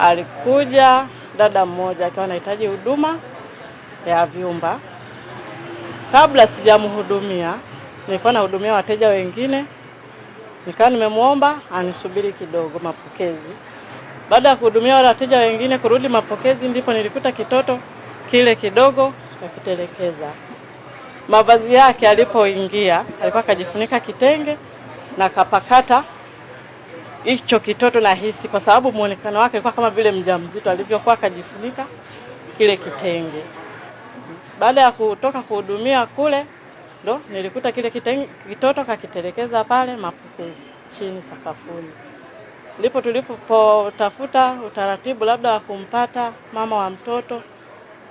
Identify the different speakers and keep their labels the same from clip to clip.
Speaker 1: alikuja dada mmoja akiwa anahitaji huduma ya vyumba. Kabla sijamhudumia, nilikuwa nahudumia wateja wengine, nikawa nimemwomba anisubiri kidogo mapokezi. Baada ya kuhudumia wale wateja wengine, kurudi mapokezi, ndipo nilikuta kitoto kile kidogo kutelekeza. Mavazi yake alipoingia, alikuwa akajifunika kitenge na kapakata hicho kitoto nahisi, kwa sababu muonekano wake ilikuwa kama vile mjamzito alivyokuwa akajifunika kile kitenge. Baada ya kutoka kuhudumia kule, ndo nilikuta kile kitenge, kitoto kakitelekeza pale mapokezi chini sakafuni. Ndipo tulipotafuta utaratibu labda wa kumpata mama wa mtoto,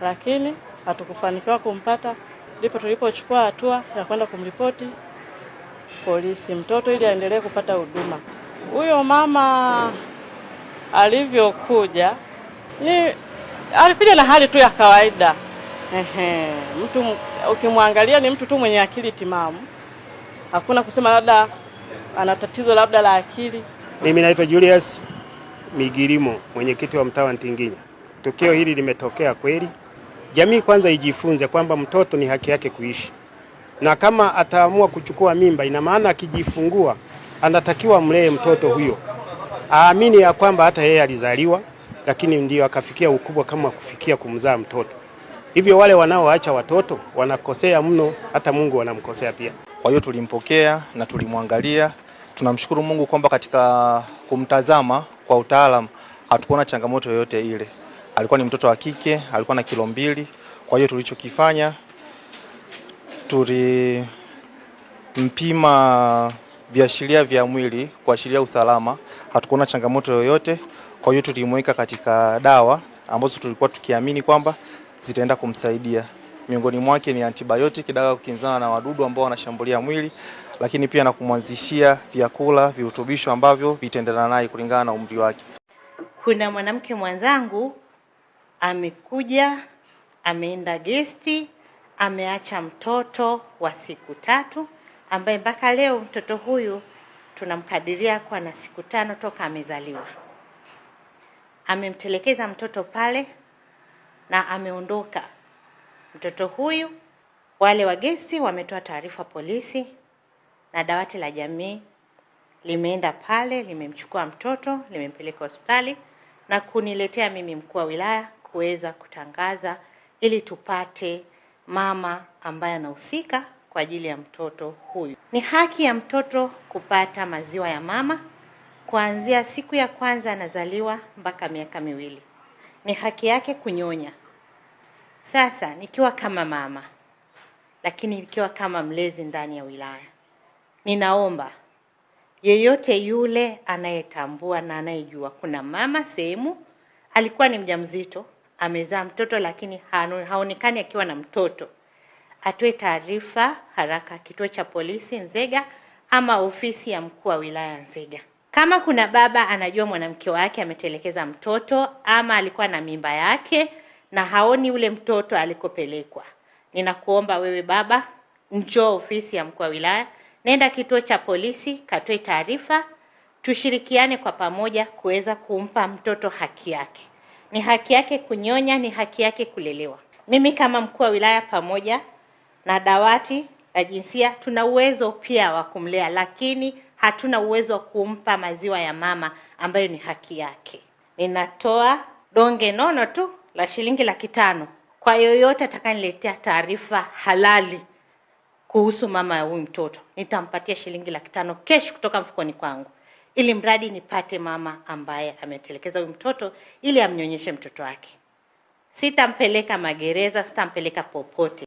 Speaker 1: lakini hatukufanikiwa kumpata. Ndipo tulipochukua hatua ya kwenda kumripoti polisi mtoto ili aendelee kupata huduma. Huyo mama alivyokuja ni alikuja na hali tu ya kawaida. Ehe, mtu ukimwangalia ni mtu tu mwenye akili timamu, hakuna kusema labda ana tatizo labda la akili.
Speaker 2: Mimi naitwa Julius Migirimo, mwenyekiti wa mtaa wa Ntinginya. Tukio hili limetokea kweli. Jamii kwanza ijifunze kwamba mtoto ni haki yake kuishi, na kama ataamua kuchukua mimba, ina maana akijifungua anatakiwa mlee mtoto huyo aamini ya kwamba hata yeye alizaliwa, lakini ndiyo akafikia ukubwa kama kufikia kumzaa mtoto. Hivyo wale wanaoacha watoto wanakosea mno, hata Mungu wanamkosea pia.
Speaker 3: Kwa hiyo tulimpokea na tulimwangalia, tunamshukuru Mungu kwamba katika kumtazama kwa utaalamu hatukuona changamoto yoyote ile. Alikuwa ni mtoto wa kike, alikuwa na kilo mbili. Kwa hiyo tulichokifanya tulimpima viashiria vya mwili kuashiria usalama. Hatukuona changamoto yoyote, kwa hiyo tulimweka katika dawa ambazo tulikuwa tukiamini kwamba zitaenda kumsaidia. Miongoni mwake ni antibiotic, dawa kukinzana na wadudu ambao wanashambulia mwili, lakini pia na kumwanzishia vyakula virutubisho ambavyo vitaendana naye kulingana na umri wake.
Speaker 4: Kuna mwanamke mwenzangu amekuja, ameenda gesti, ameacha mtoto wa siku tatu ambaye mpaka leo mtoto huyu tunamkadiria kuwa na siku tano toka amezaliwa. Amemtelekeza mtoto pale na ameondoka mtoto huyu. Wale wagesi wametoa taarifa polisi, na dawati la jamii limeenda pale, limemchukua mtoto, limempeleka hospitali na kuniletea mimi mkuu wa wilaya kuweza kutangaza ili tupate mama ambaye anahusika kwa ajili ya mtoto huyu. Ni haki ya mtoto kupata maziwa ya mama kuanzia siku ya kwanza anazaliwa mpaka miaka miwili. Ni haki yake kunyonya. Sasa nikiwa kama mama, lakini nikiwa kama mlezi ndani ya wilaya, ninaomba yeyote yule anayetambua na anayejua kuna mama sehemu alikuwa ni mjamzito amezaa mtoto lakini haonekani akiwa na mtoto atoe taarifa haraka kituo cha polisi Nzega ama ofisi ya mkuu wa wilaya Nzega. Kama kuna baba anajua mwanamke wake ametelekeza mtoto ama alikuwa na mimba yake na haoni ule mtoto alikopelekwa, ninakuomba wewe baba, njoo ofisi ya mkuu wa wilaya, nenda kituo cha polisi, katoe taarifa, tushirikiane kwa pamoja kuweza kumpa mtoto haki yake. Ni haki yake kunyonya, ni haki yake kulelewa. Mimi kama mkuu wa wilaya pamoja na dawati la jinsia, tuna uwezo pia wa kumlea, lakini hatuna uwezo wa kumpa maziwa ya mama ambayo ni haki yake. Ninatoa donge nono tu la shilingi laki tano kwa yoyote atakaniletea taarifa halali kuhusu mama ya huyu mtoto, nitampatia shilingi laki tano kesho kutoka mfukoni kwangu, ili mradi nipate mama ambaye ametelekeza huyu mtoto ili amnyonyeshe mtoto wake. Sitampeleka magereza, sitampeleka popote.